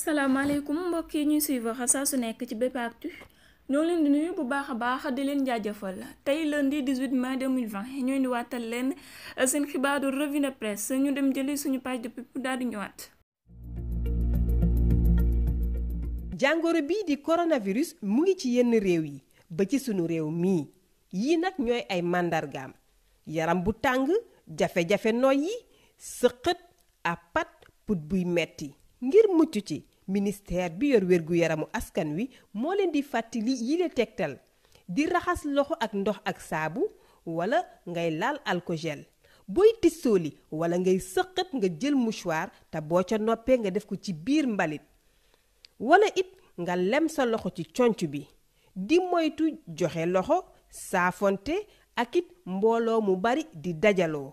asalaamaaleykum mbokk yi ñuy saa su nekk ci BP ñoo leen di bu baax a baax di leen jaajëfal tey lundi 18 mai 2020 ñoo indiwaatal leen seen xibaaru revue de presse ñu dem jëli suñu page de daal di ñëwaat. jàngoro bii di coronavirus mu ngi ci yenn réew yi ba ci sunu réew mii yii nag ñooy ay màndargaam yaram bu tàng jafe-jafe noyyi sëqët a pat put buy metti ngir mucc ci ministère bi yor wérgu yaramu askan wi moo leen di fàttali yile tegtal di raxas loxo ak ndox ak saabu wala ngay laal alkogel booy li wala ngay sëqat nga jël mouchoir te boo ca noppee nga def ko ci biir mbalit wala it nga lem sa loxo ci conc bi di moytu joxe loxo saafonte ak it mbooloo mu bari di dajaloo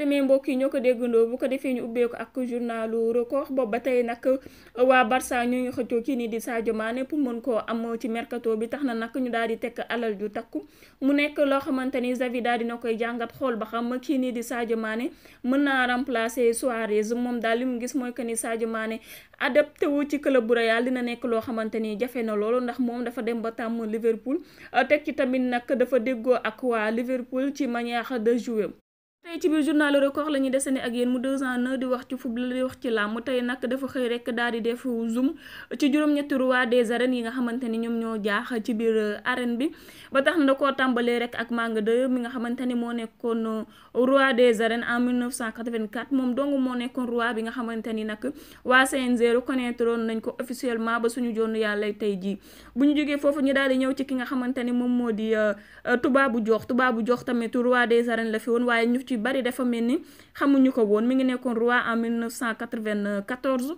demee mbokk yi ñoo ko déggandoo bu ko defee ñu ubbeeku ak journalu record boobu ba tey nag uh, waa Barça ñoo ngi xëccoo kii nii di Sadio Mané pour mën koo am ci mercato bi tax na nag ñu daal di tekk alal ju takku mu nekk loo xamante ni Xavi daal dina koy jàngat xool ba xam kii nii di Sadio Mané mën naa remplacer Suarez moom daal li mu gis mooy que ni Sadio Mané adapté wu ci club bu Real dina nekk loo xamante ni jafe na loolu ndax moom dafa dem ba tàmm Liverpool uh, teg ci tamit nag dafa déggoo ak waa Liverpool ci manière de jouer tey ci biir journal record la ñuy desandi ak yéen mu di wax ci football di wax ci làmb tey nag dafa xëy rek daal di def zoom ci juróom-ñetti roi des arènes yi nga xamante ni ñoom ñoo jaax ci biir arène bi ba tax na da koo tàmbalee rek ak Manga 2 mi nga xamante ni moo nekkoon roi des arènes en 1984 moom dong moo nekkoon roi bi nga xamante ni nag waa CNG reconnaître woon nañ ko officiellement ba suñu joonu yàlla tey jii bu ñu jógee foofu ñu daal di ñëw ci ki nga xamante ni moom moo di euh, Toubabou Diokh Toubabou Diokh tamit roi des arènes la yu bari dafa mel ni xamuñu ko woon mi ngi nekkoon roi en 1994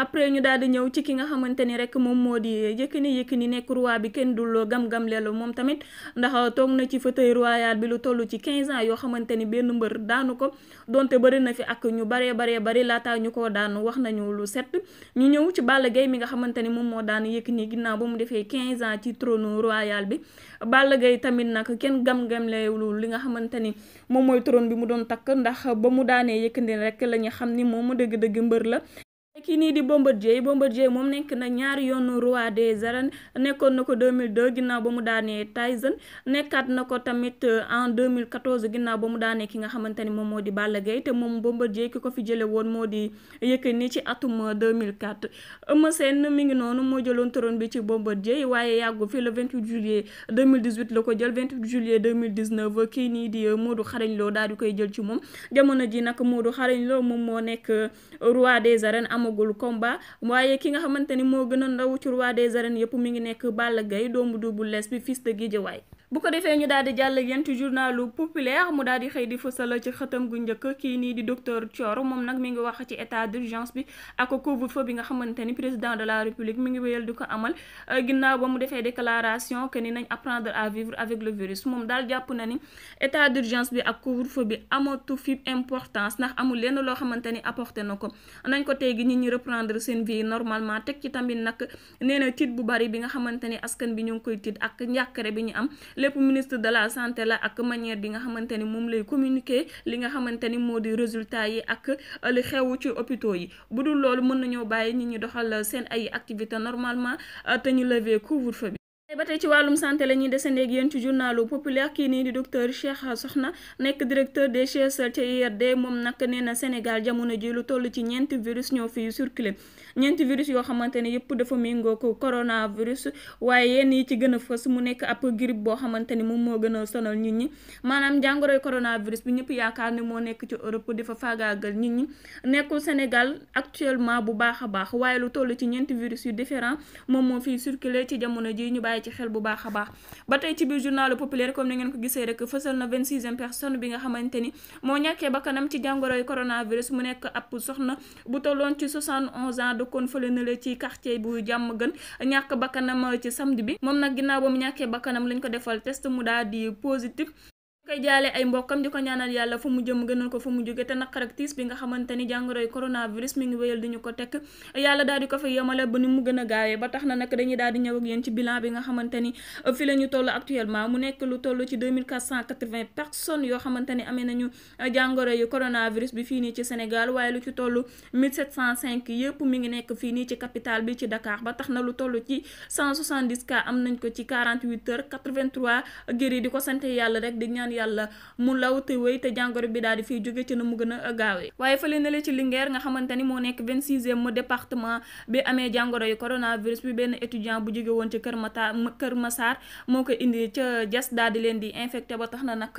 après ñu daal di ñëw ci ki nga xamante ni rek moom moo di Yékini Yékini nekk roi bi kenn dul gam-gam leelu moom tamit ndax toog na ci fauteuil royal bi lu toll ci 15 ans yoo xamante ni benn mbër daanu ko donte bëri na fi ak ñu baree baree bari laataa ñu koo daanu wax nañu lu set ñu ñëw ci Balla Gaye mi nga xamante ni moom moo daan Yékini ginnaaw ba mu defee 15 ans ci trône royal bi Balla Gaye tamit nag kenn gam-gam leelu li nga xamante ni moom mooy trone bi mu doon takk ndax ba mu daanee Yékini rek la ñu xam ni moom dëgg-dëgg mbër la kii nii di Bombardier Bombardier moom nekk na ñaari yoonu roi des arènes nekkoon na ko 2002 ginnaaw ba mu daanee Tyson nekkat na ko tamit euh, en 2014 ginnaaw ba mu daanee ki nga xamante ni moom moo di Balla Gaye te moom Bombardier ki ko fi jële woon moo di ni ci atum 2004 euh, Eumeu Sène mi ngi noonu moo jëloon trône bi ci Bombardier waaye yàggu fi le 28 juillet 2018 la ko jël 28 juillet 2019 kii nii di euh, Modou Xarañ Lo daal di koy jël ci moom jamono ji nag Modou Xarañ loo moom moo nekk roi des arènes amagul combat waaye ki nga xamante ni moo gën a ndaw ci roi des arènes yëpp mi ngi nekk bala Gaye doomu Double Less bi fils de Guédiawaye bu ko defee ñu daal di jàll ak yéen ci journalu populaire mu daal di xëy di fësal ci xëtam gu njëkk kii nii di docteur Thior moom nag mi ngi wax ci état d'urgence bi ak couvre-feu bi nga xamante ni président de la république mi ngi wéyal di ko amal euh, ginnaaw ba mu defee déclaration que ni nañ apprendre à vivre avec le virus moom daal jàpp na ni état d'urgence bi ak couvre-feu bi amatu fi importance ndax amul lenn loo xamante ni apporté na ko nañ ko teegi nit ñi reprendre seen vie normalement teg ci tamit nag nee na bu bari bi nga xamante ni askan bi ñu ngi koy tiit ak njàkkare bi ñu am lépp ministre de la santé la ak manière bi nga xamante ni moom lay communiquer li nga xamante ni moo di résultat yi ak euh, li xew ci hôpitaux yi bu dul loolu mën nañoo bàyyi nit ñi doxal seen ay activité normalement euh, te ñu lever couvre-feu bi ba tey ci wàllum santé la ñuy desandeeg yéen ci journalu populaire kii nii di docteur Cheikh Soxna nekk directeur de chercheurs ci IRD moom nag nee na Sénégal jamono ji lu toll ci ñeenti virus ñoo fi circulé ñeenti virus yoo xamante ne yëpp dafa méngoo ko coronavirus waaye yenn yi ci gën a fës mu nekk ab grippe boo xamante ni moom moo gën a sonal nit ñi maanaam jàngoroy coronavirus bi ñëpp yaakaar ne moo nekk ci Europe di fa faagaagal nit ñi nekkul Sénégal actuellement bu baax a baax waaye lu toll ci ñeenti virus yu différent ci jamono ji ñu bàyyi bàyyi ci xel bu baax a baax ba tey ci biir journal populaire comme ni ngeen ko gisee rek fësal na vingt sixième personne bi nga xamante ni moo ñàkkee bakkanam ci jàngoroy coronavirus mu nekk ab soxna bu tolloon ci 71 ans dëkkoon fële na ci quartier bu jàmm gën ñàkk bakkanam ci samedi bi moom nag ginnaaw ba mu ñàkkee bakkanam lañ ko defal test mu daal di positif koy jaale ay mbokkam di ko ñaanal yàlla fu mu jëm gënal ko fu mu jóge te naqar ak tiis bi nga xamante ba ni mu gën a gaawee ba tax na nekk lu toll ci 2480 yoo xamante amee nañu jàngoro yu coronavirus bi fii nii ci Sénégal waaye lu ci toll 1705 yëpp ngi nekk fii nii ci capitale bi ci Dakar ba tax na lu toll ci cas am nañ ko ci 48 heures 83 guéri di ko sant yàlla rek di ñaan yàlla mu law te wéy te jàngoro bi daal di fiy jóge ci na mu gën a gaawee waaye fële na la ci Linguère nga xamante ni moo nekk vingt-sixième département bi amee jàngoro yu coronavirus bi benn étudiant bu jóge woon ci Kër Matar Kër Massar moo ko indi ca Diass daal di leen di infecté ba tax na nag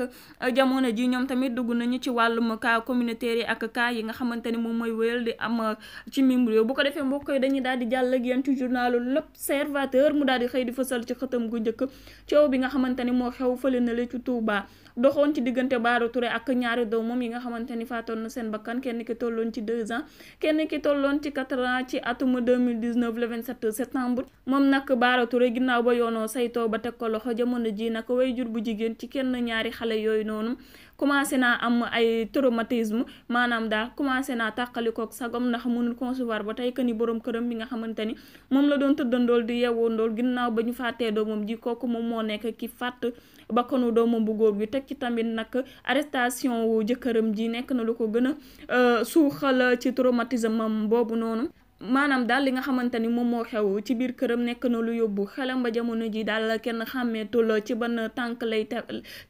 jamono ji ñoom tamit dugg nañu ci wàllum cas communautaire yi ak kaa yi nga xamante ni moom mooy wéyal di am ci mim réew bu ko defee mbokk yi dañuy daal di jàll ak yéen ci journalu L'Observateur mu daal di xëy di fësal ci xëtam gu njëkk coow bi nga xamante ni moo xew fële na la ci Touba doxoon ci diggante Baara Touré ak ñaari doomam yi nga xamante ni faatoon na seen bakkan kenn ki tolloon ci deux kenn ki tolloon ci quatre ans ci atum 2019 le 27 septembre moom nag Baara Touré ginnaaw ba yoonoo saytoo ba teg ko loxo jamono ji nag jur bu jigéen ci kenn ñaari xale yooyu noonu commencé naa am ay traumatisme maanaam daal commencé naa tàqalikook sagom ndax mënul concevoir ba tey que ni borom këram bi nga xamante ni moom la doon tëddandool di yeewoondool ginnaaw ba ñu fàttee doomam ji kooku moom moo nekk ki fàtt bakkanu doomam bu góor bi teg ci tamit nag arrestation wu jëkkëram ji nekk na lu ko gën a euh, suuxal ci traumatisme am boobu noonu maanaam daal li nga xamante ni moom moo xew ci biir këram nekk na lu yóbbu xelam ba jamono ji daal kenn xàmmeetul ci ban tànk lay te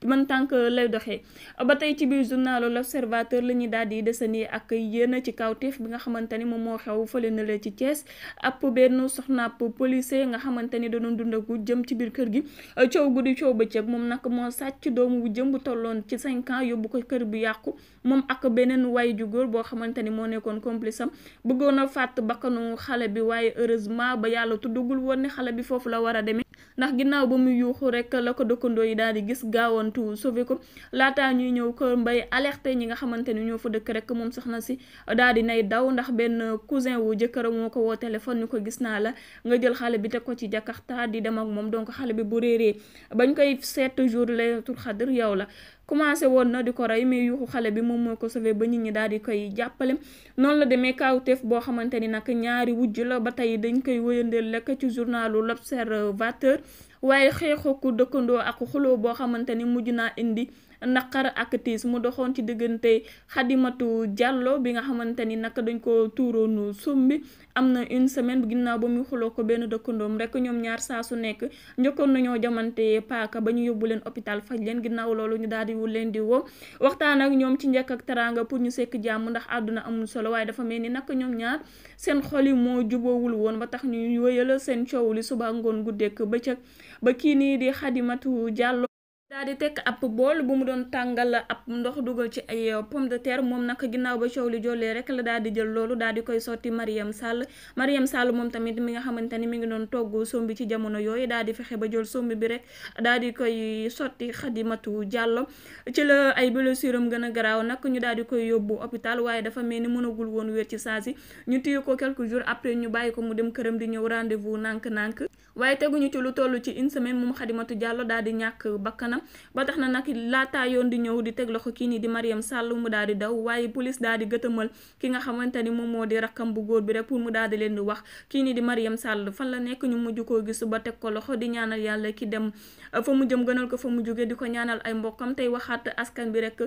ban tànk lay doxee ba tey ci biir journalu l'Observateur la ñuy daal di desandi ak yéen ci kawteef bi nga xamante ni moom moo xew fële na la ci Thiès ab benn soxnaab policier nga xamante ni da dund ak jëm ci biir kër gi coow guddi coow bëccëg moom nag moo sàcc doomu bu jëm bu tolloon ci cinq yóbbu ko kër bu yàqu moom ak beneen waay ju boo xamante ni moo nekkoon complice am fàtt bakk bakkanu xale bi waaye heureusement ba yàlla tuddagul woon ni xale bi foofu la war a demee ndax ginnaaw ba mu yuuxu rek la ko dëkkandoo yi daal di gis gaawantu sauvé ko laataa ñuy ñëw ko mbay alerté ñi nga xamante ni ñoo fa dëkk rek moom na si daal di nay daw ndax benn cousin wu jëkkëram moo ko woo téléphone ñu ko gis naa la nga jël xale bi teg ko ci jakarta di dem ak moom donc xale bi bu réeree bañ koy seet jour laylatul xadr yow la commencé woon na di ko rey mais yuuxu xale bi moom moo ko sauvé ba ñu ñi daal di koy jàppale noonu la demee kaawteef boo xamante ni nag ñaari wujj la ba tey dañ koy wëyandeel lekk ci journalu l'observateur waaye xeexoo ku dëkkandoo ak xuloo boo xamante ni mujj naa indi naqar ak tiis mu doxoon ci diggante matu Jàllo bi nga xamante ni naka dañ ko tuuroonu sumbi am na une semaine ginnaaw ba muy xuloo ko benn dëkkandoom rek ñoom ñaar saa su nekk njëkkoon ñoo jamante paaka ba ñu yóbbu leen hôpital faj leen ginnaaw loolu ñu daal di leen di woo waxtaan ak ñoom ci njëkk ak teraanga pour ñu sekk jàmm ndax àdduna amul solo waaye dafa mel ni nag ñoom ñaar seen xol yi moo jubóowul woon ba tax ñu wëyal seen coow li suba ngoon guddeeg bëccëg ba kii nii di Xadimatu Jàllo daal di tekk ab bool bu mu doon tàngal ab ndox dugal ci ay euh, pomme de terre moom nag ginnaaw ba coow li jollee rek la daal di jël loolu daal di koy sotti Mariam Sall Mariam Sall moom tamit mi nga xamante ni mi ngi doon togg sombi ci jamono yooyu daal di fexe ba jël sombi bi rek daal di koy sotti Xadimatu Jàllo ci la ay blessure am gën a garaaw nag ñu daal di koy yóbbu hôpital waaye dafa mel ni mënagul woon wér ci saa si ñu téye ko quelques jours après ñu bàyyi ko mu dem këram di ñëw rendez-vous nànk-nànk waaye teguñu ci lu toll ci une semaine moom Xadimatu Jàllo daal di ñàkk bakkanam ba tax na nag laataa yoon di ñëw di teg loxo kii nii di Mariam Sall mu daal di daw waaye police daal di gëtëmal ki nga xamante ni moom moo di rakkam bu góor bi rek pour mu daal di leen di wax kii nii di Mariam Sall fan la nekk ñu mujj koo gis ba teg ko loxo di ñaanal yàlla ki dem fa mu jëm gënal ko fa mu jóge di ko ñaanal ay mbokkam tey waxaat askan bi rek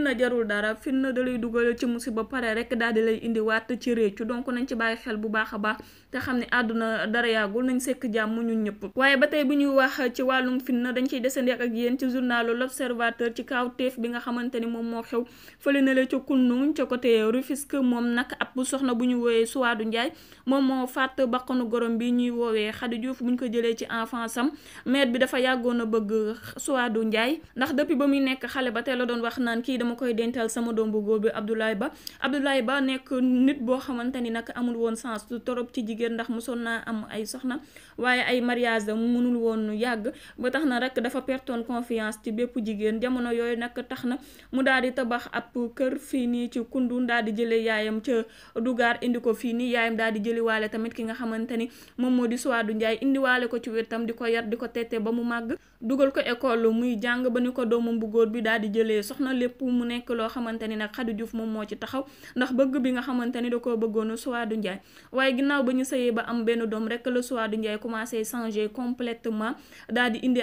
na jarul dara fitna na lay dugal ci musiba pare rek daal di lay indi waat ci réccu donc nañ ci bàyyi xel bu baax a baax te xam ne àdduna dara nañ sekk jàmm ñëpp waaye ba tey bu ñuy wax ci wàllum fitna dañ ciy desandi ak yéen ci journalu l'observateur ci kawteef bi nga xamante ni moom moo xew fële na la ca Kunnuñ ca côté Rufisque moom nag ab soxna bu ñu woowee Suwaadu Njaay moom moo fàtt bakkanu gorom bi ñuy woowee Xadi Juuf bu ñu ko jëlee ci enfance am maître bi dafa yàggoon a bëgg Suwaadu Njaay ndax depuis ba muy nekk xale ba tey la doon wax naan kii dama koy dental sama doom bu góor bi Abdoulaye Ba Abdoulaye Ba nekk nit boo xamante ni nag amul woon sens torop ci jigéen ndax mosoon naa am ay soxna waaye ay mariage da munul woon yàgg ba tax na rek dafa pertoon confiance ci bépp jigéen jamono yooyu nag tax na mu daal di tabax ab kër fii nii ci Kundun daal di jëlee yaayam ca Dugar indi ko fii nii yaayam daal di jëli waale tamit ki nga xamante ni moom moo di Suwaadu Njaay indi waale ko ci wetam di ko yar di ko tette ba mu màgg dugal ko école muy jàng ba ni ko doomam bu góor bi daal di jëlee soxna lépp mu nekk loo xamante ni nag Xadi Juuf moom moo ci taxaw ndax bëgg bi nga xamante ni da koo bëggoon Suwaadu Njaay waaye ginnaaw ba ñu sëyee ba am benn doom rek la Suwaadu Njaay commencé changer complètement daal di indi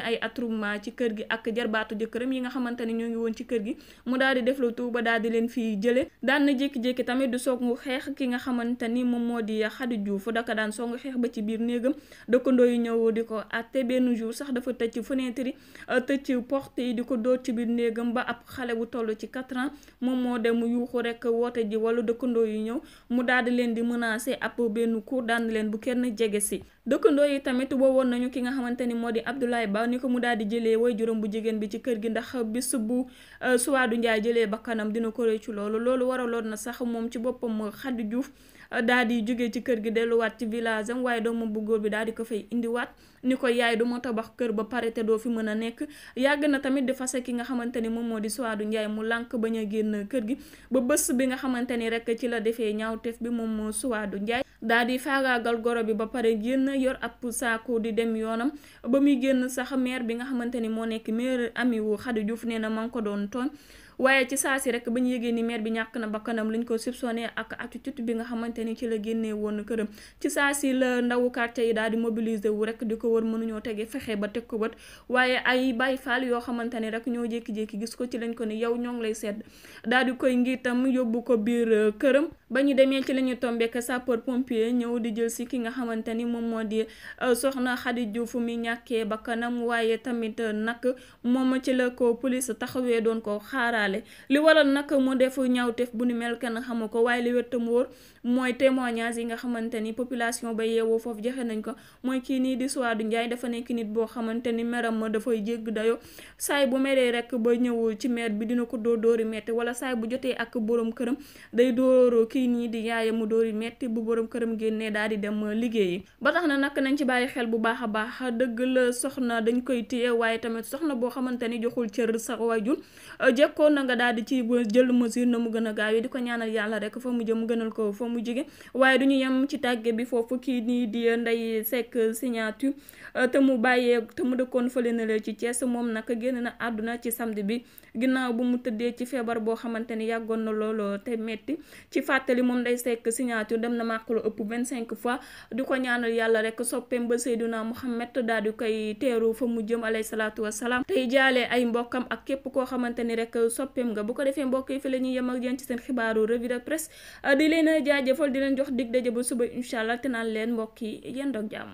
ci kër gi ak jarbaatu jëkkëram yi nga xamante ne ñoo ngi woon ci kër gi mu daal di def lu tuuba daal di leen fii jële daan jékki-jékki tamit du songu xeex ki nga xamante ni moom moo di Xadi Juuf daka daan songu xeex ba ci biir néegam dëkkandoo yi ñëw di ko atte benn jour sax dafa tëj fenêtre yi tëj porte yi di ko dóor ci biir néegam ba ab xale bu toll ci 4 moom moo dem yuuxu rekk woote ji wala dëkkandoo yu ñëw mu daal di leen di menacer ab benn cour daan leen bu kenn jege si dëkkandoo yi tamit woowoon nañu ki nga xamante ni moo di Abdoulaye Ba ni ko mu daal di jëlee way juróom bu jigéen bi ci kër gi ndax bis bu euh, Souadou Ndiaye jëlee bakkanam dina ko rëccu loolu loolu waraloon na sax moom ci boppam Khady Diouf Euh, daal di jóge ci kër gi delluwaat ci village waaye doomam bu góor bi daal di ko fay indiwaat ni ko yaay du ma tabax kër ba pare te doo fi mën a nekk yàgg na tamit di fase ki nga xamante ni moom moo di Souadou Ndiaye mu lànk bañ a génn kër gi ba bés bi nga xamante ni rek ci la defee ñaawteef bi moom moo Souadou Ndiaye daal di faagaagal goro bi ba pare génn yor ab saako di dem yoonam ba muy génn sax maire bi nga xamante ni moo nekk maire ami wu Khady Diouf nee na ma ngi ko doon tooñ waaye ci saa si rek ba ñu yëgee ni maire bi ñàkk na bakkanam liñ ko soupçonné ak attitude bi nga xamante ni ci la génnee woon këram ci saa si la ndawu quartier yi daal di mobiliser wu rek di ko wër mënuñoo tege fexe ba teg ko bët waaye ay bay Faal yoo xamante ni rek ñoo jékki-jékki gis ko ci lañ ko ni yow ñoo ngi lay sedd daal di koy ngiitam yóbbu ko biir euh, këram ba ñu demee ci la ñu tombeek sapeur pompier ñëw di jël si ki nga xamante ni moom moo di euh, soxna Xadi Diouf mi ñàkkee bakkanam waaye tamit euh, nag moom ci la ko police taxawee doon ko xaaraat laale li waral nag mu def ñaawteef bu ni mel kenn xamu ko waaye li wér te wóor mooy témoignage yi nga xamante ni population ba yeewoo foofu joxe nañ ko mooy kii nii di Souadou Ndiaye dafa nekk nit boo xamante ni meram ma dafay jégg dayo saay bu meree rek ba ñëw ci maire bi dina ko dóor dóori metti wala saay bu jotee ak borom këram day dóoroo kii nii di yaaya mu dóori metti bu borom këram génnee daal di dem liggéeyi ba tax na nag nañ ci bàyyi xel bu baax a baax dëgg la soxna dañ koy téye waaye tamit soxna boo xamante ni joxul cër sa waajur jekkoon na nga daal di ci jël mesure na mu gën a gaaw yi di ko ñaanal yàlla rek fa mu gënal ko fa mu mu jóge waaye du ñu yem ci tàgge bi foofu kii nii di Ndeye Seck siñaatu euh, te mu bàyyee te mu dëkkoon fële na la ci Thiès moom nag génn na àdduna ci samedi bi ginnaaw bu mu tëddee ci feebar boo xamante ni yàggoon na looloo euh, te metti ci fàttali moom Ndeye Seck Signature dem na màkk lu ëpp cinq fois di ko ñaanal yàlla rek soppeem ba Seydina Mouhamed daal di koy teeru fa mu jëm alayhi salaatu wasalaam tey jaalee ay mbokkam ak képp koo xamante ni rek soppeem nga bu ko defee mbokk seen xibaaru jaajëfal di leen jox dig daje ba suba incha allah te naan leen mbokk yi yéen doog jàmm